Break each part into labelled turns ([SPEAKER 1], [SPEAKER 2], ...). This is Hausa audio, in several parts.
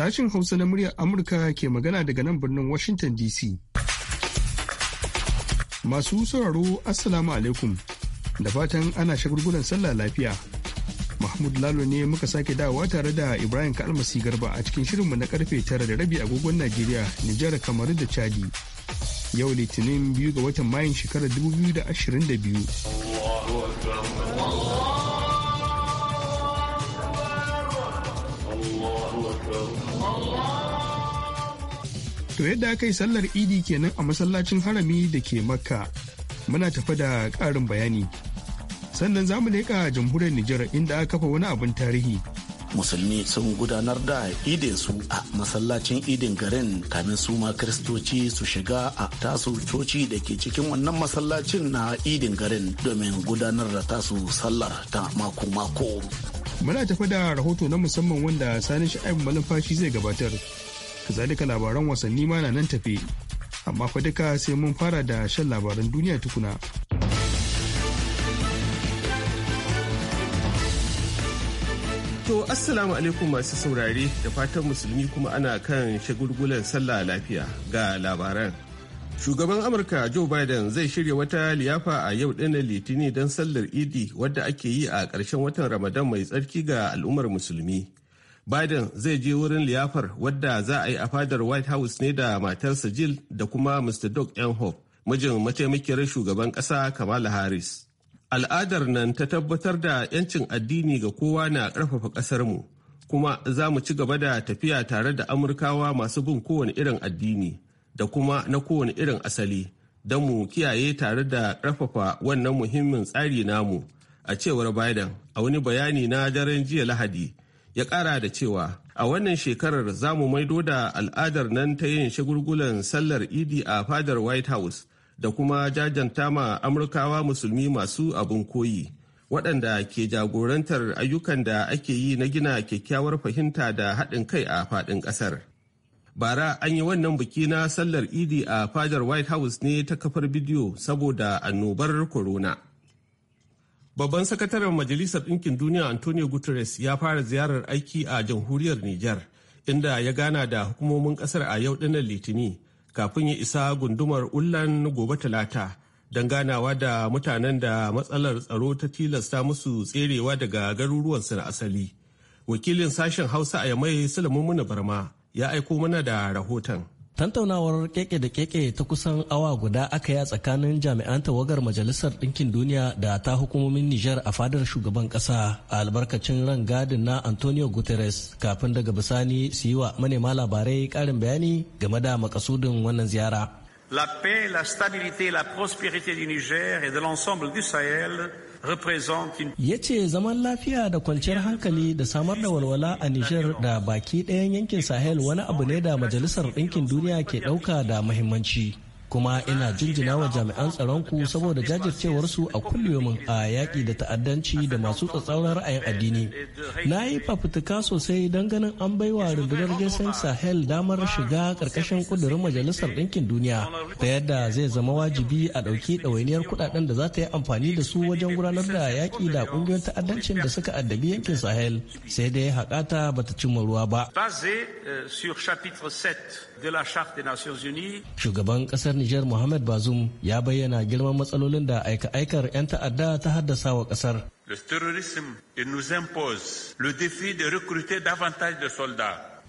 [SPEAKER 1] Sashin Hausa na muryar Amurka ke magana daga nan birnin Washington DC. Masu sauraro Assalamu alaikum da fatan ana shagulgulan sallah lafiya. Mahmud Lalo ne muka sake dawowa tare da Ibrahim Kalmasi Garba a cikin shirinmu na karfe tara da rabi agogon Najeriya, Nijar, Kamaru da Chadi. Yau Litinin biyu ga watan Mayun shekarar 2022. To yadda aka yi sallar idi kenan a masallacin harami da ke Makka. Muna tafa da ƙarin bayani. Sannan za mu leƙa jamhuriyar Nijar inda aka kafa wani abin tarihi.
[SPEAKER 2] musulmi sun gudanar da su a masallacin idin garin kamin su ma kiristoci su shiga a tasu coci da ke cikin wannan masallacin na idin garin domin gudanar da tasu sallar ta mako-mako.
[SPEAKER 1] Muna tafi da rahoto na musamman wanda sani Malam malumfashi zai gabatar. kazalika labaran wasanni ma na nan tafe amma fa duka sai mun fara da shan labaran duniya tukuna To
[SPEAKER 3] assalamu alaikum masu saurare da fatan musulmi kuma ana kan shagulgulan sallah lafiya ga labaran. Shugaban Amurka Joe Biden zai shirya wata liyafa a yau ɗin litini don sallar Idi wadda ake yi a ƙarshen watan Ramadan mai tsarki ga al'ummar musulmi. Biden zai je wurin liyafar wadda za a yi a fadar White House ne da matarsa Jill da kuma Mr. Doug Enhoff, mijin mataimakiyar shugaban ƙasa Kamala Harris. Al'adar nan ta tabbatar da 'yancin addini ga kowa na ƙarfafa ƙasarmu, kuma za mu ci gaba da tafiya tare da Amurkawa masu bin kowane irin addini da kuma na kowane irin asali, don mu kiyaye tare da ƙarfafa wannan muhimmin tsari namu, a cewar Biden a wani bayani na daren jiya Lahadi. ya ƙara da cewa a wannan shekarar za mu maido da al'adar nan ta yin shagulgulan sallar idi a fadar white house da kuma jajanta ma amurkawa musulmi masu abin koyi waɗanda ke jagorantar ayyukan da ake yi na gina kyakkyawar fahimta da haɗin kai a faɗin ƙasar bara an yi wannan biki na sallar idi a fadar white house ne ta kafar bidiyo saboda annobar corona. Babban sakataren Majalisar Ɗinkin Duniya Antonio Guterres ya fara ziyarar aiki a jamhuriyar Nijar, inda ya gana da hukumomin ƙasar a yau ɗinnan Litini kafin ya isa gundumar Ullan gobe Talata don ganawa da mutanen da matsalar tsaro ta tilasta musu tserewa daga garuruwansu na asali. Wakilin sashen Hausa a Yamai Sulaimun Barma ya aiko mana da rahoton.
[SPEAKER 4] Tantaunawar keke da keke ta kusan awa guda aka yi tsakanin jami'an tawagar Majalisar Ɗinkin Duniya da ta hukumomin Nijar a fadar shugaban ƙasa a albarkacin ran gadin na Antonio Guterres kafin daga bisani su yi wa manema labarai ƙarin bayani game da makasudin wannan ziyara.
[SPEAKER 5] La paix, la stabilité, la prospérité du Niger et de l'ensemble du Sahel
[SPEAKER 4] Ya ce zaman lafiya da kwanciyar hankali da samar da walwala a Nijar da baki ɗayan yankin Sahel wani abu ne da Majalisar Ɗinkin Duniya ke ɗauka da muhimmanci. kuma ina jinjina wa jami'an tsaronku saboda jajircewar su a kullumin a yaƙi da ta'addanci da masu tsatsauran ra'ayin addini na yi fafutuka sosai don ganin an baiwa rundunar jason sahel damar shiga karkashin ƙudurin majalisar ɗinkin duniya ta yadda zai zama wajibi a ɗauki ɗawainiyar kuɗaɗen da za ta yi amfani da su wajen gudanar da yaƙi da ƙungiyoyin ta'addancin da suka addabi yankin sahel sai dai haƙata ba ta cimma ruwa ba.
[SPEAKER 5] Euh,
[SPEAKER 4] Shugaban ƙasar Nijar Mohamed bazum ya bayyana girman matsalolin da aika-aikar 'yan ta'adda ta haddasa wa ƙasar.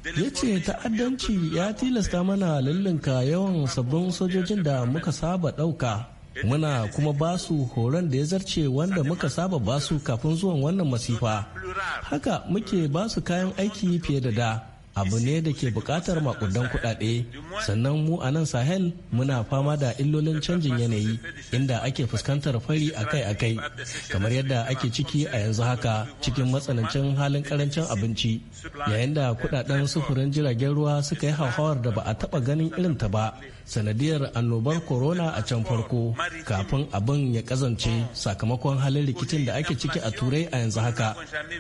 [SPEAKER 4] Le ya ce ta'addanci ya tilasta mana lullunka yawan sabbin sojojin da muka saba ɗauka muna kuma basu horon da ya zarce wanda muka saba basu kafin zuwan wannan masifa haka muke basu kayan aiki fiye da da abu ne da ke bukatar makudan kuɗaɗe sannan mu a nan sahel muna fama da illolin canjin yanayi inda ake fuskantar fari akai-akai kamar yadda ake ciki a yanzu haka cikin matsanancin halin karancin abinci yayin da kuɗaɗen sufurin jiragen ruwa suka yi hauhawar da ba a taɓa ganin irin ta ba sanadiyar annobar corona a can farko kafin abin ya kazance sakamakon halin rikicin da ake ciki a turai a yanzu haka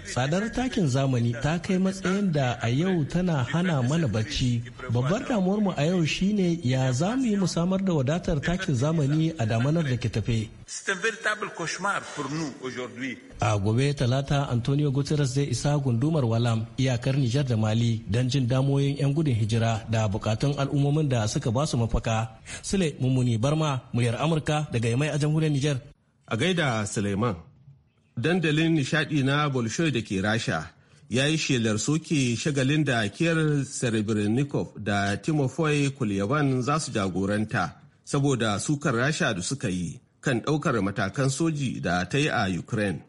[SPEAKER 4] tsadar takin zamani ta kai matsayin da a yau ta tana hana mana bacci babbar damuwar mu a yau shine ya za mu yi mu samar da wadatar takin zamani a damanar da ke tafe a gobe talata antonio guterres zai isa gundumar walam iyakar nijar da mali don jin damoyin 'yan gudun hijira da bukatun al'ummomin da suka ba su mafaka sule mummuni barma muryar amurka daga yamai a jamhuriyar nijar a
[SPEAKER 3] gaida suleiman dandalin nishadi na bolshoi da ke rasha ya yi shelar soke shagalin da kiyar serebrennikov da timofoy kulyaban za su jagoranta saboda sukar rasha da suka yi kan ɗaukar matakan soji da ta yi a ukraine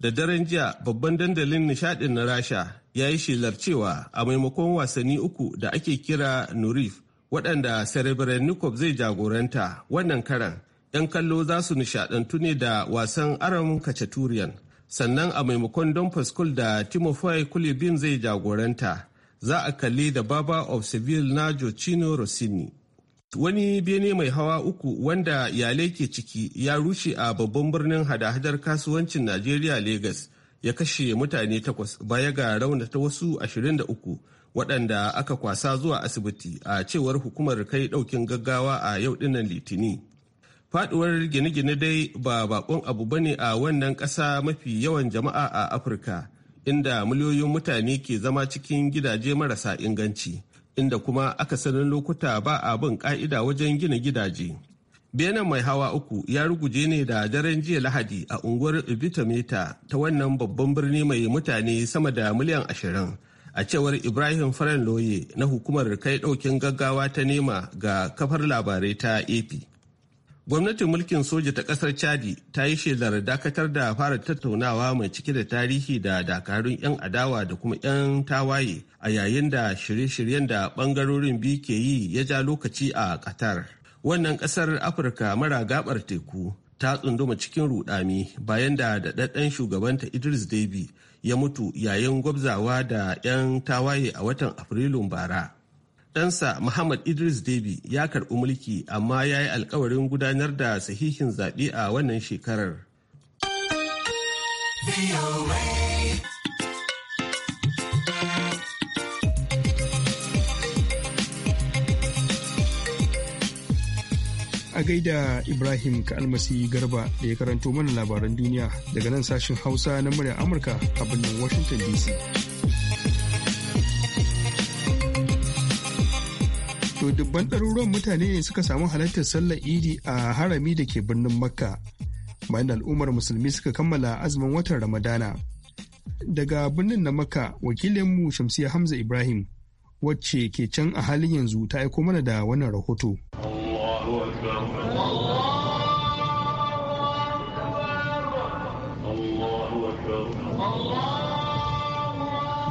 [SPEAKER 3] da daren jiya babban dandalin nishadin na rasha ya yi shelar cewa a maimakon wasanni uku da ake kira nurif waɗanda serebrennikov zai jagoranta wannan karan 'yan kallo za su nishadantu ne da wasan aram kacaturian sannan a maimakon don faskul da timofey kulibin zai jagoranta za a kalli da baba of seville na jocino rossini wani bene mai hawa uku wanda iyalai ke ciki ya rushe a babban birnin hada-hadar kasuwancin Nigeria lagos ya kashe mutane takwas baya ga raunata wasu 23 waɗanda aka kwasa zuwa asibiti a cewar hukumar kai ɗaukin gaggawa a yau ɗinnan litini. Faduwar gine-gine dai ba bakon abu ba ne a wannan ƙasa mafi yawan jama'a a Afirka, inda miliyoyin mutane ke zama cikin gidaje marasa inganci, inda kuma aka akasarin lokuta ba a bin ka'ida wajen gina gidaje. benin mai hawa uku ya ruguje ne da daren jiya lahadi a unguwar ibitameta ta wannan babban birni mai mutane sama da miliyan ashirin a cewar ibrahim faran loye na hukumar kai daukin gaggawa ta nema ga kafar labarai ta ap Gwamnatin mulkin soja ta kasar Chadi ta yi shelar dakatar da fara tattaunawa mai cike da tarihi da dakarun 'yan adawa da kuma 'yan tawaye a yayin da shirye-shiryen da bangarorin biyu ke yi ya ja lokaci a Qatar. Wannan kasar Afirka mara gabar teku ta tsunduma cikin rudami bayan da daɗaɗɗen shugabanta Idris Deby ya mutu yayin gwabzawa da 'yan tawaye a watan Afrilun bara. ɗansa Muhammad Idris Debi ya karɓi mulki amma ya yi alkawarin gudanar da sahihin zaɓe a wannan shekarar.
[SPEAKER 1] A gaida Ibrahim Kalmasi Garba da ya karanto mana labaran duniya daga nan sashen Hausa na murya Amurka a birnin Washington DC. dubban ɗaruruwan mutane ne suka samu halartar sallar idi a harami da ke birnin makka bayan al'ummar musulmi suka kammala azumin watan ramadana daga birnin na makka wakilinmu shamsiya hamza ibrahim wacce ke can a halin yanzu ta aiko mana da wannan rahoto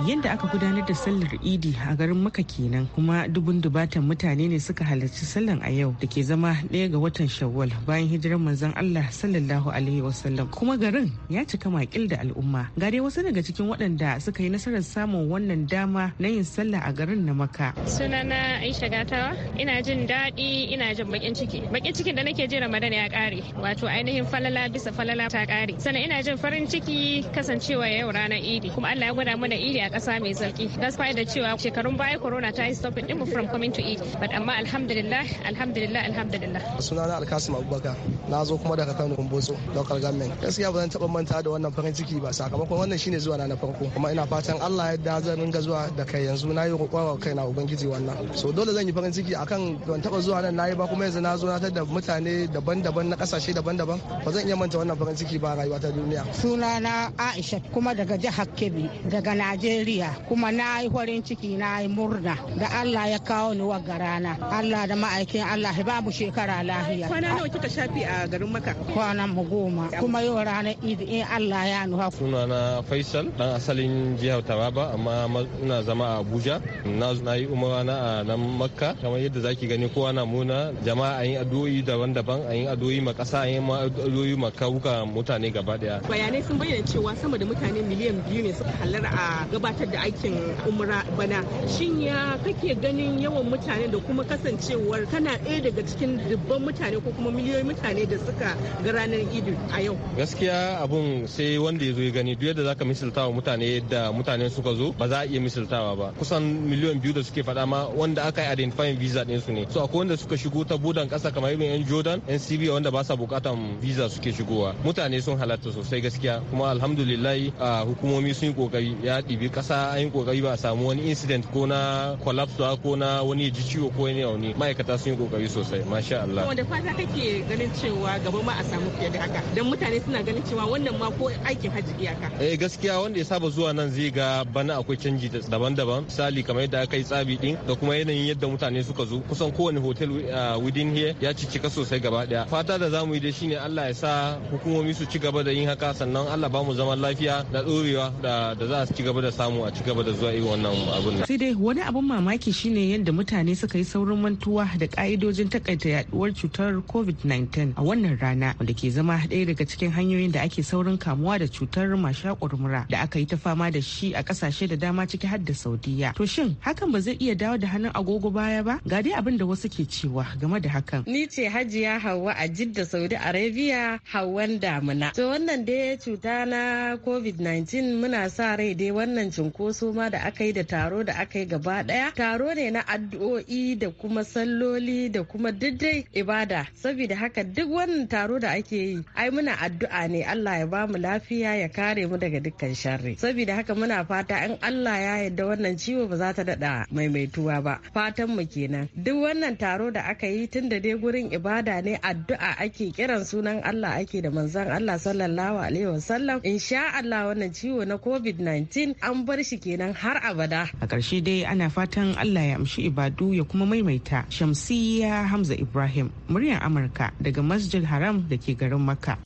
[SPEAKER 6] yadda aka gudanar da sallar idi a garin maka kenan kuma dubun dubatan mutane ne suka halarci sallan a yau da ke zama ɗaya ga watan shawwal bayan hijirar manzon allah sallallahu alaihi wasallam kuma garin ya cika makil da al'umma gare wasu daga cikin waɗanda suka yi nasarar samun wannan dama na yin sallah a garin na maka sunana aisha gatawa ina jin daɗi ina jin bakin ciki bakin cikin da nake ji ramadan ya kare wato ainihin falala bisa falala ta ƙare sannan ina jin farin ciki kasancewa yau ranar idi kuma allah ya gwada mana idi a kasa mai zarki despite da cewa shekarun baya corona ta yi stopping din from coming to eat but amma alhamdulillah alhamdulillah alhamdulillah
[SPEAKER 1] sunana alkasim abubakar na zo kuma daga kano kumbotso local government gaskiya ba zan taba manta da wannan farin ciki ba sakamakon wannan shine zuwa na na farko kuma ina fatan Allah ya yarda zan ringa zuwa da kai yanzu na yi roƙon kai na ubangiji wannan so dole zan yi farin ciki akan ban taba zuwa nan nayi ba kuma yanzu na zo na tada mutane daban-daban na kasashe daban-daban ba zan iya manta wannan farin ciki ba rayuwa ta duniya
[SPEAKER 6] sunana Aisha kuma daga jihar Kebbi daga Najeriya shirya kuma na yi farin ciki na yi murna da Allah ya kawo ni wagga rana. Allah da ma'aikin Allah ya babu shekara lahiya. Kwana nawa kika shafi a garin maka Kwanan mu goma kuma yau ranar Idi in Allah ya nuha.
[SPEAKER 7] Sunana Faisal dan asalin jihar Taraba amma ina zama a Abuja. Na na yi umara na a nan Makka kamar yadda zaki gani kowa na muna jama'a an yi addu'o'i daban-daban an yi addu'o'i ma kasa an yi addu'o'i ma kawuka mutane gaba daya.
[SPEAKER 6] Bayanai sun bayyana cewa sama da mutane miliyan biyu ne suka halar a gabatar gabatar da aikin umra bana shin ya kake ganin yawan mutane da kuma kasancewar kana ɗaya daga cikin dubban mutane ko kuma miliyoyin mutane da suka ga ranar idu a yau
[SPEAKER 7] gaskiya abun sai wanda ya zo ya gani duk yadda zaka misaltawa mutane yadda mutane suka zo ba za a iya misaltawa ba kusan miliyan biyu da suke faɗa ma wanda aka yi identifying visa ɗin su ne so akwai wanda suka shigo ta budan ƙasa kamar irin yan jordan yan syria wanda ba sa buƙatan visa suke shigowa mutane sun halatta sosai gaskiya kuma alhamdulillah ah, hukumomi sun yi kokari ya ɗibi kasa. kasa an yi kokari ba a samu wani incident ko na collapse ko na wani ya ji ciwo ko wani yauni ma'aikata sun yi kokari sosai masha Allah.
[SPEAKER 6] Wanda fata kake ganin cewa gaba ma a samu fiye da haka don mutane suna ganin cewa wannan ma ko aikin hajji iyaka.
[SPEAKER 7] Eh gaskiya wanda ya saba zuwa nan zai ga bana akwai canji daban-daban misali kamar yadda aka yi tsabi din da kuma yanayin yadda mutane suka zo kusan kowane hotel ah, within here ya cika sosai gaba daya fata da zamu yi da shine Allah ya sa hukumomi su ci gaba da yin haka sannan Allah ba mu zaman lafiya da dorewa da za su ci gaba da samu samu a cigaba da zuwa yi wannan abun sai
[SPEAKER 6] dai wani abun mamaki shine yadda mutane suka yi saurin mantuwa da ka'idojin takaita yaduwar cutar covid-19 a wannan rana wanda ke zama ɗaya daga cikin hanyoyin da ake saurin kamuwa da cutar mashakur mura da aka yi ta fama da shi a kasashe da dama ciki har da saudiya to shin hakan ba zai iya dawo da hannun agogo baya ba ga dai abin da wasu ke cewa game da hakan ni ce hajiya Hauwa a jidda saudi arabia hauwan damuna to wannan dai cuta na covid-19 muna sa rai dai wannan Cunkoso ma da aka yi da taro da aka yi gaba daya taro ne na addu'o'i da kuma salloli da kuma diddai ibada saboda haka duk wannan taro da ake yi ai muna addu'a ne Allah ya ba mu lafiya ya kare mu daga dukkan sharri saboda haka muna fata in Allah ya yarda wannan ciwo ba za ta dada maimaituwa ba fatan mu kenan duk wannan taro da aka yi tun da dai gurin ibada ne addu'a ake kiran sunan Allah ake da manzon Allah sallallahu alaihi wasallam insha Allah wannan ciwo na covid-19 an bar shi kenan har abada a ƙarshe dai ana fatan allah ya amshi ibadu ya kuma maimaita shamsiyya hamza ibrahim muryar amurka daga masjid haram da ke garin makka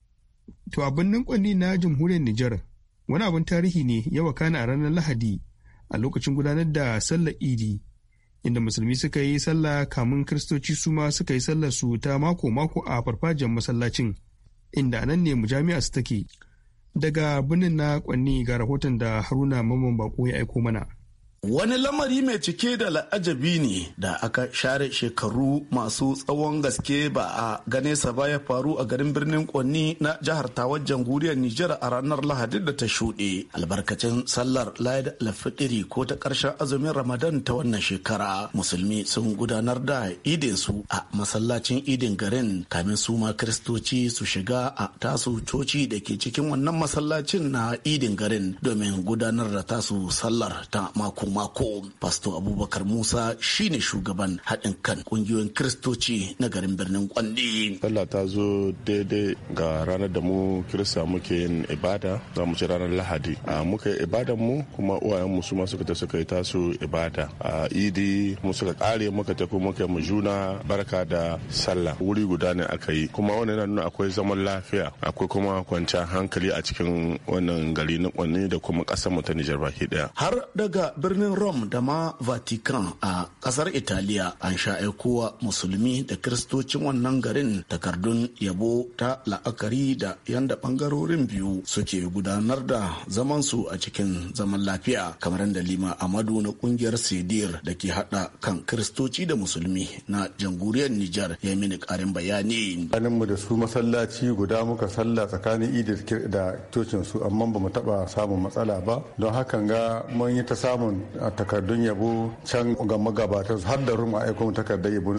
[SPEAKER 6] to abin
[SPEAKER 1] ninkwanni na jamhuriyar nijar wani abin tarihi ne ya kana a ranar lahadi a lokacin gudanar da sallar idi inda musulmi suka yi sallah kamun kiristoci su ma suka yi sallar su ta mako-mako a farfajiyar masallacin inda nan ne mujami'a su take Daga birnin na kwanni ga rahoton da Haruna Mamman Bako ya aiko mana.
[SPEAKER 2] Wani lamari mai cike da la'ajabi ne da aka share shekaru masu tsawon gaske ba a gane sa ba ya faru a garin birnin Kwanni na jihar Tawar jamhuriyar Nijar a ranar Lahadi da ta shuɗe. Albarkacin sallar Laid Alfitiri ko ta ƙarshen azumin Ramadan ta wannan shekara. Musulmi sun gudanar da idin su a masallacin idin garin kamin su ma Kiristoci su shiga a tasu coci da ke cikin wannan masallacin na idin garin domin gudanar da tasu sallar ta mako mako Pasto Abubakar Musa shine shugaban haɗin kan ƙungiyoyin Kiristoci na garin birnin Kwandi. Sallah ta zo daidai ga ranar da mu Kirista muke yin ibada za mu ci ranar Lahadi. A muka yi mu kuma uwayen mu ma suka suka
[SPEAKER 8] yi tasu ibada. A idi mu suka kare muka tafi muka mu juna barka da sallah wuri guda ne aka yi kuma wannan yana nuna akwai zaman lafiya akwai kuma kwanciyar hankali a cikin wannan gari na kwanni da kuma ƙasar mu ta Nijar baki daya.
[SPEAKER 2] Har daga birnin birnin rom da ma Vatican a ƙasar Italiya an sha aikowa musulmi da kiristocin wannan garin takardun yabo ta la'akari da yanda bangarorin biyu suke gudanar da zamansu a cikin zaman lafiya kamar da Lima Amadu na ƙungiyar Sedir da ke haɗa kan kiristoci da musulmi na jamhuriyar Nijar
[SPEAKER 8] ya mini ƙarin bayani. Ganinmu da su masallaci guda muka salla tsakanin idir da tocin su amma ba mu taɓa samun matsala ba don hakan ga mun yi ta samun A takardun yabo can ga magabatan su har da rum a aiko mu takardar yabo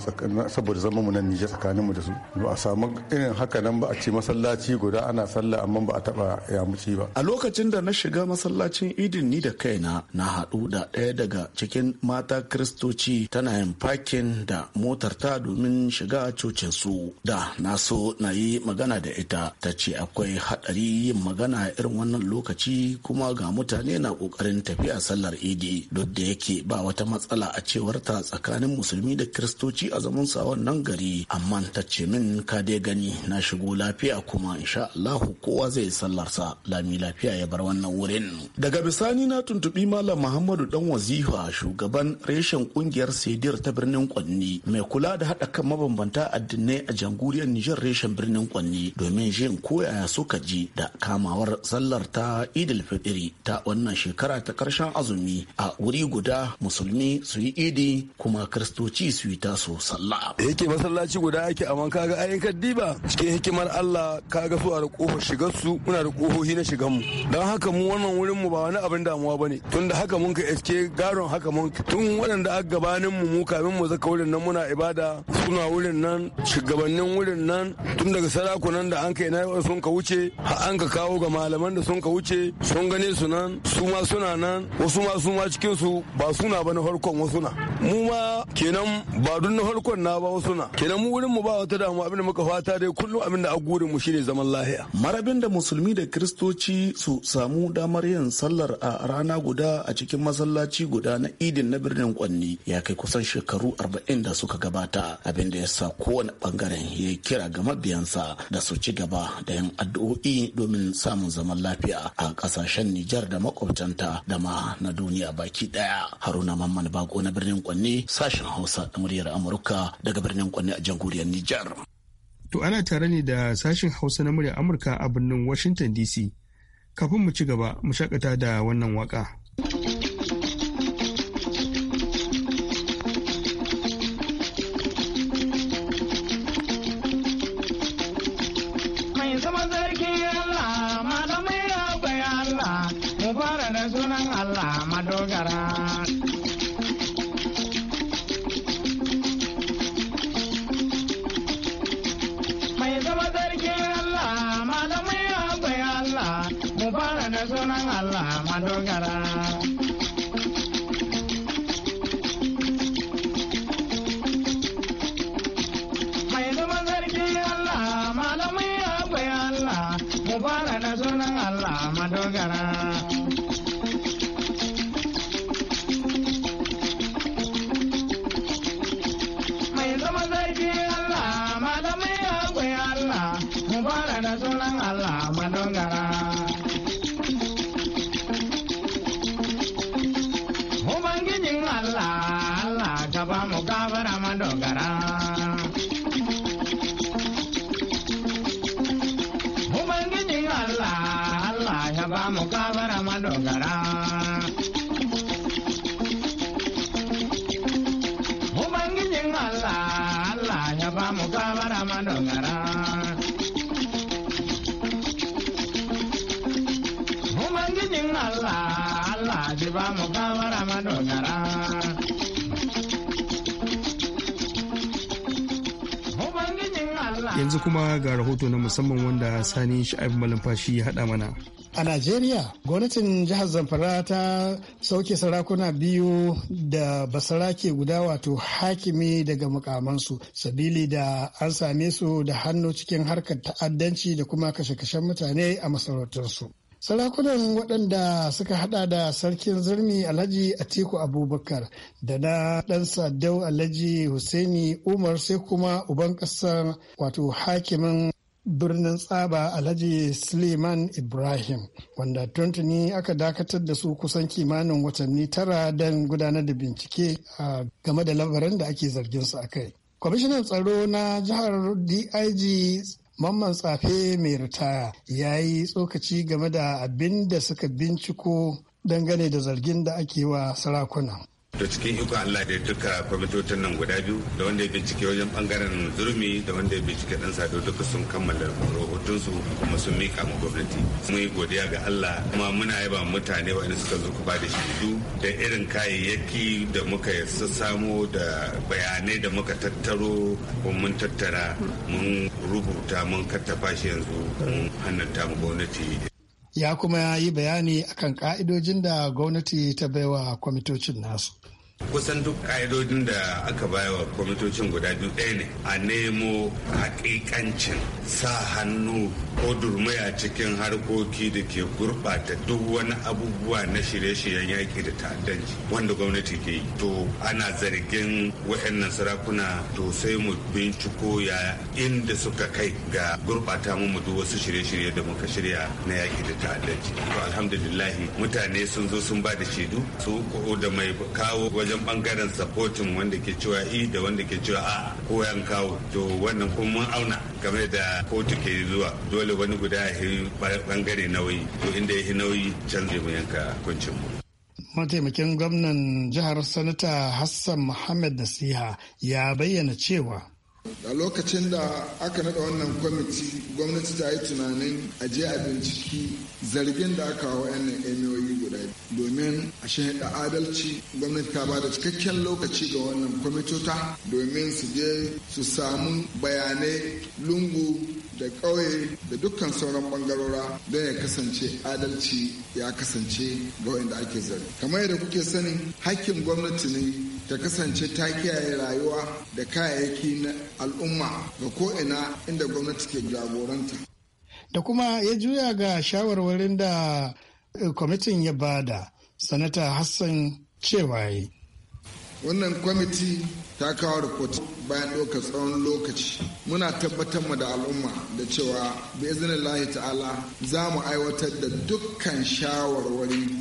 [SPEAKER 8] saboda zama mu nan Nijar tsakanin mu da su ba a samu irin haka nan ba a ci masallaci guda ana sallah amma ba a taba yamuci ba
[SPEAKER 2] a lokacin da na shiga masallacin idin ni da kaina na haɗu da ɗaya daga cikin mata kristoci tana yin fakin da motar ta domin shiga cocin su da na so na yi magana da ita ta ce akwai haɗari yin magana irin wannan lokaci kuma ga mutane na ƙoƙarin tafiya sallar idi duk da yake ba wata matsala a cewar ta tsakanin musulmi da kiristoci a zaman sa wannan gari amma ta ce min ka dai gani na shigo lafiya kuma insha Allahu kowa zai sallar sa. lami lafiya ya bar wannan wurin daga bisani na tuntubi malam Muhammadu dan wazifa shugaban reshen kungiyar Sedir ta birnin Kwanni mai kula da hada kan mabambanta addinai a jamhuriyar Nijar reshen birnin Kwanni domin jin koyaya suka ji da kamawar sallar ta Idil Fitri ta wannan shekara ta karshen azumi a wuri guda musulmi su yi idi kuma kiristoci su yi taso sallah da yake masallaci guda yake amma kaga ayin kaddiba cikin hikimar Allah kaga su a da kofa shigar su muna da kofofi na shigan mu don haka mu wannan wurin mu ba wani abin damuwa bane tunda haka mun ka iske garon haka mun tun waɗanda a gabanin mu mu kamin mu zaka wurin nan muna ibada suna wurin nan shugabannin wurin nan tun daga sarakunan da an kai na sun ka wuce har an ka kawo ga malaman da sun ka wuce sun gane su nan su ma suna nan wasu ma su ma cikinsu ba suna ba na harkon wasu na mu ma kenan ba dun na harkon na ba wasu na kenan mu wurin mu ba wata damu abin da muka fata dai kullum abin da a gurin mu shine zaman lahiya marabin da musulmi da kristoci su samu damar yin sallar a rana guda a cikin masallaci guda na idin na birnin kwanni ya kai kusan shekaru 40 da suka gabata abin da ya sa kowane bangaren ya kira ga mabiyansa da su ci gaba da yin addu'o'i domin samun zaman lafiya a kasashen Nijar da makwabtanta da ma na duniya ba baki daya haruna mamman bako na birnin kwanne sashen hausa da muryar amurka daga birnin kwanne a jamhuriyar nijar
[SPEAKER 1] to ana tare ne da sashen hausa na muryar amurka a birnin washington dc kafin mu ci gaba mu shakata da wannan waka.
[SPEAKER 9] Dogra yanzu
[SPEAKER 1] kuma ga rahoto na musamman wanda sani sha'ib malumfashi ya haɗa mana a najeriya gwamnatin jihar zamfara ta sauke sarakuna
[SPEAKER 10] biyu da basara ke guda wato hakimi daga mukamansu sabili da an same su da hannu cikin harkar ta'addanci da kuma kashe-kashen mutane a masarautarsu sarakunan waɗanda suka hada da sarkin zurmi alhaji atiku abubakar da na ɗansa dau alhaji husaini umar sai kuma uban ƙasar wato hakimin birnin tsaba alhaji suleiman ibrahim wanda tuntuni aka dakatar da su kusan kimanin watanni tara don gudanar da bincike a game da labarin da ake zargin su a kai kwamishinan tsaro na jihar dig Mamman tsafe mai ritaya ya yi tsokaci game da abin da suka binciko dangane da zargin da ake wa sarakuna.
[SPEAKER 8] da cikin iko Allah da duka kwamitocin nan guda biyu da wanda ya bincike wajen bangaren zurmi da wanda ya bincike dan sado duka sun kammala rahotonsu kuma sun mika ma gwamnati mun yi godiya ga Allah kuma muna yaba mutane waɗanda suka zo ku bada shaidu da irin kayayyaki da muka samo da bayanai da muka tattaro kuma mun tattara mun rubuta mun kattafa shi yanzu mun hannanta mu gwamnati
[SPEAKER 10] ya kuma yi bayani akan ka'idojin da gwamnati ta baiwa kwamitocin nasu
[SPEAKER 8] kusan duk ƙa'idodin da aka baya wa kwamitocin guda biyu ɗaya ne a nemo haƙiƙancin sa hannu ko durmaya cikin harkoki da ke gurɓata duk wani abubuwa na shirye-shiryen yaƙi da ta'addanci wanda gwamnati ke yi to ana zargin wa'annan sarakuna to sai mu binciko ya inda suka kai ga gurɓata mu duk wasu shirye-shirye da muka shirya na yaƙi da ta'addanci to alhamdulillah mutane sun zo sun ba da shaidu su da mai kawo wajen wajen bangaren supporting wanda ke cewa i e da wanda ke cewa a ko yan kawo to wannan kuma mun auna game da kotu ke zuwa dole wani guda ya bangare nauyi to inda ya nauyi canje mu yanka kuncin mu
[SPEAKER 10] mataimakin gwamnan jihar sanata hassan muhammad nasiha ya bayyana cewa
[SPEAKER 11] a lokacin da aka naɗa wannan kwamiti gwamnati ta yi tunanin aje a binciki zargin da aka wa yan emiyoyi guda domin a da adalci gwamnati ta ba da cikakken lokaci ga wannan kwamitota domin su je su samu bayanai lungu da ƙauye da dukkan sauran ɓangarora don ya kasance adalci ya kasance ga wanda ake zargi kamar yadda kuke sani hakkin gwamnati ne ta kasance ta kiyaye rayuwa da kayayyaki na al'umma ga ko'ina inda gwamnati ke jagoranta.
[SPEAKER 10] Da kuma ya juya ga shawarwarin da eh, kwamitin ya bada sanata Hassan cewa
[SPEAKER 11] wannan kwamiti ta kawo rikot bayan ɗaukar tsawon lokaci muna tabbatar mu da al'umma da cewa bai izinin lahi ta'ala za mu aiwatar da dukkan shawarwari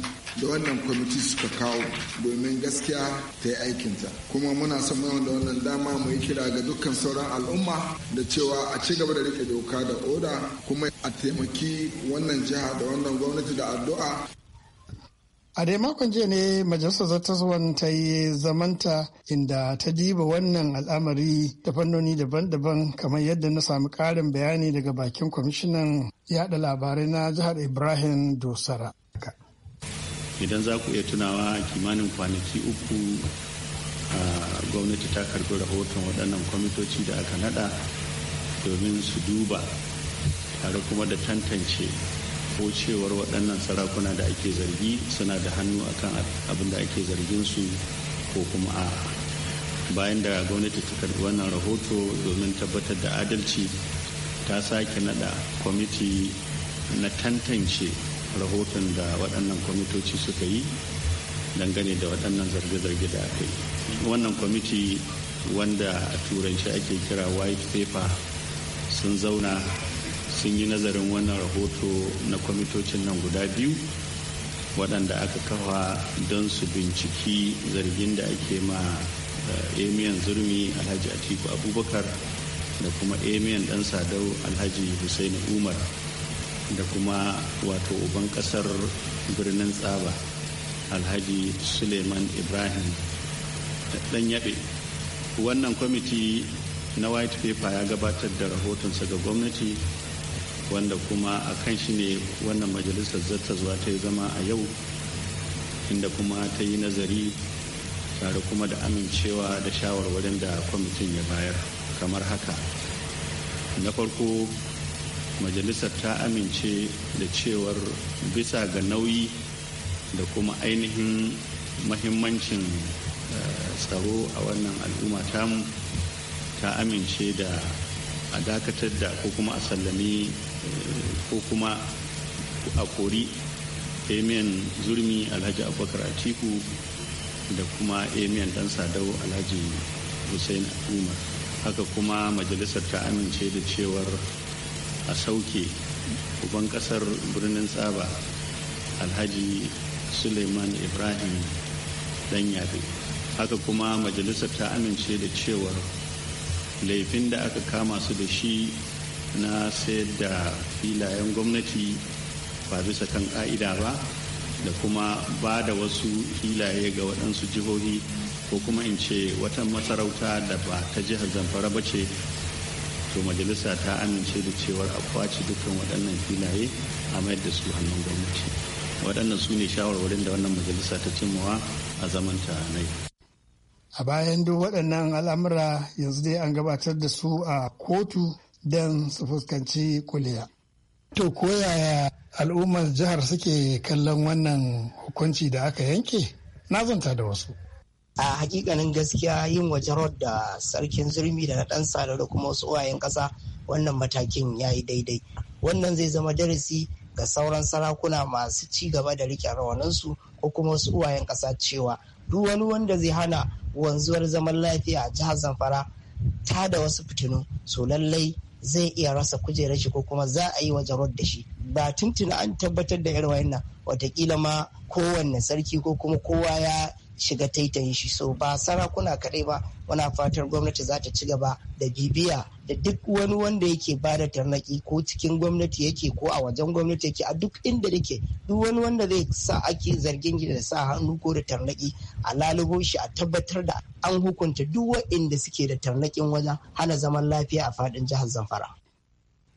[SPEAKER 11] wannan kwamiti suka kawo domin gaskiya ta yi aikinta kuma muna son mai da wannan dama mu yi kira ga dukkan sauran al'umma da cewa a ci gaba da rike doka da oda kuma a taimaki wannan jiha da wannan gwamnati da addu'a
[SPEAKER 10] a dai makon jiya ne majalisar zartaswan ta yi zamanta inda ta diba wannan al'amari da fannoni daban-daban kamar yadda na sami karin bayani daga bakin kwamishinan yada labarai na jihar ibrahim dosara
[SPEAKER 5] idan za ku iya tunawa kimanin kwanaki uku a gwamnati ta karbi rahoton waɗannan kwamitoci da aka nada domin su duba tare kuma da tantance ko cewar waɗannan sarakuna da ake zargi suna da hannu akan abin da ake zargin su ko kuma a bayan da gwamnati ta karbi wannan rahoto domin tabbatar da adalci ta sake nada kwamiti na tantance rahoton da waɗannan kwamitoci suka yi dangane da waɗannan zarge-zarge da aka yi wannan kwamiti wanda a turanci ake kira white paper sun zauna sun yi nazarin wannan rahoto na kwamitocin nan guda biyu waɗanda aka kafa don su binciki zargin da ake ma emiyan eh, zurmi alhaji atiku abubakar da kuma emiyan ɗan sadau alhaji hussaini umar da kuma wato uban kasar birnin tsaba alhaji suleiman ibrahim dan yabe wannan kwamiti na white paper ya gabatar da rahotonsa ga gwamnati wanda kuma a kan shi ne wannan majalisar zuwa ta yi zama a yau inda kuma ta yi nazari tare kuma da amincewa da shawarwarin da kwamitin ya bayar kamar haka na farko majalisar ta amince da cewar bisa ga nauyi da kuma ainihin mahimmancin eh, tsaro a wannan al'umma tamu ta amince da a dakatar da ko kuma a sallami eh, ko kuma a kori emiyan zurmi alhaji abubakar atiku da kuma emiyan dan sadau alhaji hussein umar haka kuma majalisar ta amince da cewar a sauke uban kasar birnin tsaba alhaji suleiman ibrahim dan yabe haka kuma majalisar ta amince da cewar laifin da aka kama su da shi na sayar da filayen gwamnati ba bisa kan ka'ida ba da kuma ba da wasu filaye ga waɗansu jihohi ko kuma in ce wata masarauta da ba ta jihar zamfara ba ce to majalisa ta amince da cewar a kwace dukkan waɗannan filaye a mayar da su hannun gwamnati waɗannan su ne shawarwarin da wannan majalisa ta cimmawa a zaman ta nai
[SPEAKER 10] a bayan duk waɗannan al'amura yanzu dai an gabatar da su a kotu don su fuskanci kuliya. To koyaya al'ummar jihar suke kallon wannan hukunci da aka yanke? Na zanta da wasu.
[SPEAKER 6] a hakikanin gaskiya yin waje rod da sarkin zurmi da na dan sada da kuma wasu uwayen kasa wannan matakin ya yi daidai wannan zai zama darasi ga sauran sarakuna masu ci gaba da riƙe rawaninsu ko kuma wasu uwayen ƙasa cewa duk wani wanda zai hana wanzuwar zaman lafiya a jihar zamfara ta da wasu fitinu so lallai zai iya rasa kujerar shi ko kuma za a yi waje rod da shi ba tuntuna an tabbatar da irin wannan watakila ma kowanne sarki ko kuma kowa ya shiga taitan shi so ba sarakuna kaɗai ba wana fatar gwamnati za ta ci gaba da bibiya da duk wani wanda yake ba da tarnaki ko cikin gwamnati yake ko a wajen gwamnati yake a duk inda yake duk wani wanda zai sa ake zargin gida da sa hannu ko da tarnaki a lalubo shi a tabbatar da an hukunta duk waɗanda suke da tarnakin wajen hana zaman lafiya a faɗin jihar zamfara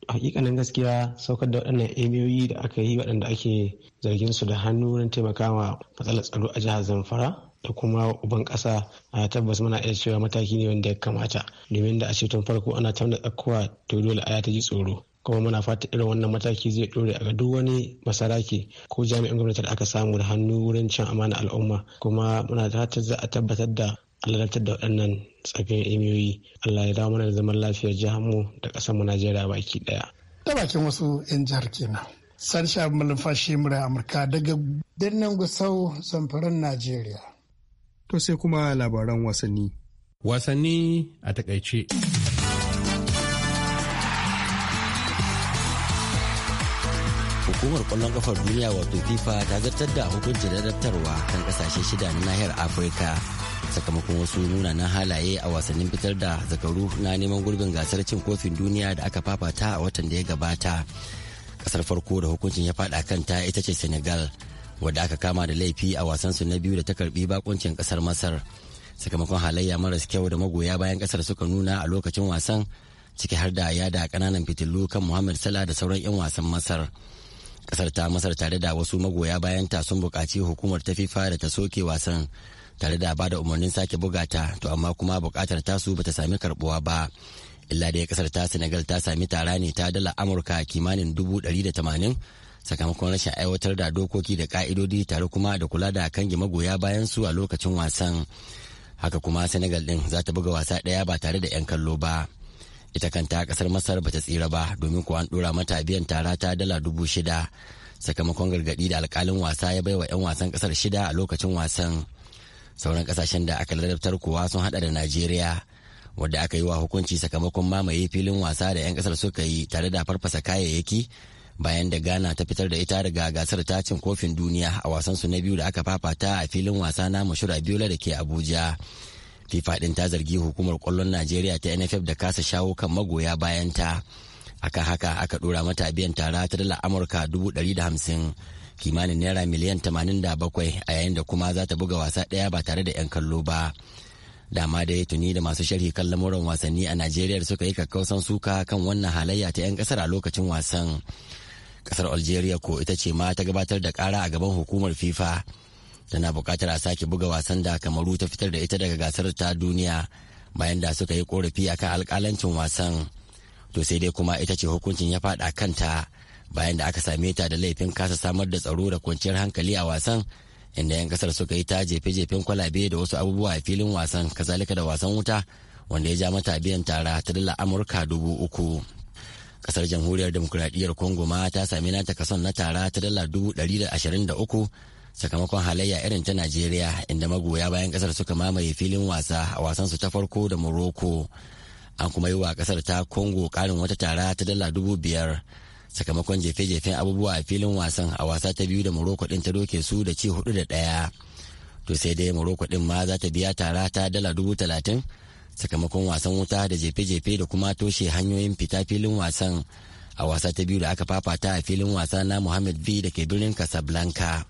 [SPEAKER 3] hakikanin gaskiya saukar da waɗannan emiyoyi da aka yi waɗanda ake zargin su da hannu don taimakawa matsalar tsaro a jihar zamfara da kuma uban ƙasa a tabbas muna iya cewa mataki ne wanda ya kamata domin da a ce farko ana tauna tsakuwa to dole aya ta ji tsoro kuma muna fata irin wannan mataki zai dore a duk wani masaraki ko jami'in gwamnati da aka samu da hannu wurin cin amana al'umma kuma muna fata za a tabbatar da alalatar da waɗannan tsakiyar imiyoyi allah ya dawo mana da zaman lafiyar jihar mu da ƙasar mu najeriya baki ɗaya.
[SPEAKER 10] ta bakin wasu 'yan jihar kenan sansha malumfashi murai amurka daga birnin gusau zamfaran najeriya
[SPEAKER 1] To sai kuma labaran wasanni. Wasanni a takaice.
[SPEAKER 12] Hukumar kwallon kafar duniya wato FIFA ta zartar da hukuncin dadattarwa kan kasashe shida na nahiyar Afirka sakamakon wasu munanan halaye a wasannin fitar da zakaru na neman gurbin gasar cin kofin duniya da aka fafata a watan da ya gabata. Kasar farko da hukuncin ya fada kanta ita ce Senegal. wadda aka kama da laifi a wasan su na biyu da ta karbi bakuncin kasar masar sakamakon halayya maras kyau da magoya bayan kasar suka nuna a lokacin wasan ciki har da yada kananan fitilu kan muhammad sala da sauran 'yan wasan masar kasar ta masar tare da wasu magoya bayan ta sun buƙaci hukumar ta fifa da ta soke wasan tare da bada umarnin sake bugata to amma kuma bukatar tasu bata sami karbuwa ba illa da kasar ta senegal ta sami tara ne ta dala amurka kimanin dubu ɗari da tamanin sakamakon rashin aiwatar da dokoki da ka'idodi tare kuma da kula da kange magoya bayan su a lokacin wasan haka kuma senegal din za ta buga wasa ɗaya ba tare da 'yan kallo ba ita kanta kasar masar ba ta tsira ba domin kuwa an dora mata biyan tara ta dala dubu shida sakamakon gargadi da alkalin wasa ya baiwa 'yan wasan kasar shida a lokacin wasan sauran kasashen da aka ladabtar kowa sun hada da najeriya wadda aka yi wa hukunci sakamakon mamaye filin wasa da 'yan kasar suka yi tare da farfasa kayayyaki bayan da ghana ta fitar da ita daga gasar ta cin kofin duniya a wasan su na biyu da aka fafata a filin wasa na mashura biyu da ke abuja fifa din ta zargi hukumar kwallon najeriya ta nff da kasa shawo kan magoya bayan ta akan haka aka dora mata biyan tara ta dala amurka dubu ɗari da hamsin kimanin naira miliyan tamanin da bakwai a yayin da kuma za ta buga wasa ɗaya ba tare da 'yan kallo ba dama da tuni da masu sharhi kan lamuran wasanni a najeriya suka yi kakkausan suka kan wannan halayya ta 'yan kasar a lokacin wasan kasar algeria ko ita ce ma ta gabatar da kara a gaban hukumar fifa tana bukatar a sake buga wasan da kamaru ta fitar da ita daga gasar ta duniya bayan da suka yi korafi akan alkalancin wasan to sai dai kuma ita ce hukuncin ya faɗa kanta bayan da aka same ta da laifin kasa samar da tsaro da kwanciyar hankali a wasan inda 'yan kasar suka yi ta jefe-jefen kwalabe da wasu abubuwa a filin wasan kazalika da wasan wuta wanda ya ja mata biyan tara ta dala amurka dubu uku. kasar jamhuriyar demokuraɗiyyar congo ma ta sami nata kason na tara ta dala dubu ɗari da da ashirin uku sakamakon halayya irin ta najeriya inda magoya bayan kasar suka mamaye filin wasa a wasansu ta farko da morocco an kuma yi wa kasar ta congo karin wata tara ta dala dubu biyar sakamakon jefe-jefen abubuwa a filin wasan a wasa ta biyu da morocco din ta doke su da ci hudu da ɗaya to sai dai morocco ɗin ma za ta biya tara ta dala dubu talatin sakamakon wasan wuta da jefe-jefe da kuma toshe hanyoyin fita filin wasan a wasa ta biyu da aka fafata a filin wasa na Muhammad V da ke birnin Casablanca.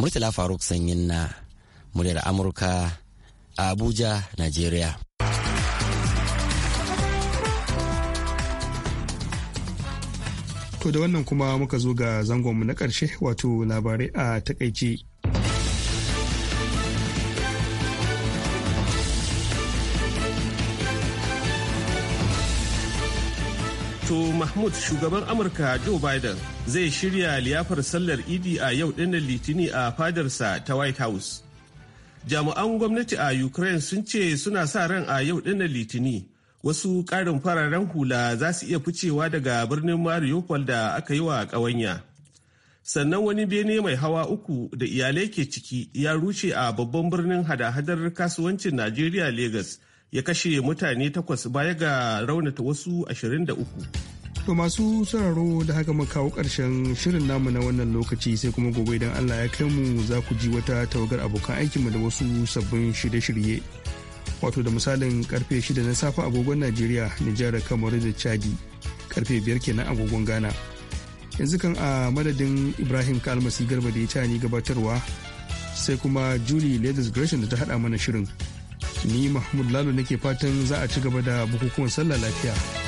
[SPEAKER 12] Murtala Faruk Sanyin na muryar Amurka a Abuja, Nigeria.
[SPEAKER 1] To da wannan kuma muka zo ga zangonmu na ƙarshe wato labarai a takaice.
[SPEAKER 3] wato Mahmud shugaban Amurka Joe Biden zai shirya liyafar sallar Idi a yau dinnan Litini a fadarsa ta White House. Jami'an gwamnati a Ukraine sun ce suna sa ran a yau dinnan Litini wasu ƙarin fararen hula za su iya ficewa daga birnin Mariupol da aka yi wa ƙawanya. Sannan wani bene mai hawa uku da iyalai ke ciki ya rushe a babban birnin hada-hadar kasuwancin Najeriya Legas ya kashe mutane takwas baya ga raunata wasu 23.
[SPEAKER 1] To masu sauraro da haka mu kawo ƙarshen shirin namu na wannan lokaci sai kuma gobe idan Allah ya kai mu za ku ji wata tawagar abokan aikinmu da wasu sabbin shirye-shirye. Wato da misalin karfe 6 na safe agogon Najeriya, Nijar, Kamaru da Chadi, karfe 5 kenan agogon Ghana. Yanzu kan a madadin Ibrahim Kalmasi Garba da ya ni gabatarwa sai kuma Julie Ladies Gresham da ta haɗa mana shirin. ni mahmud lalo nake fatan za a ci gaba da bukukuwan sallah lafiya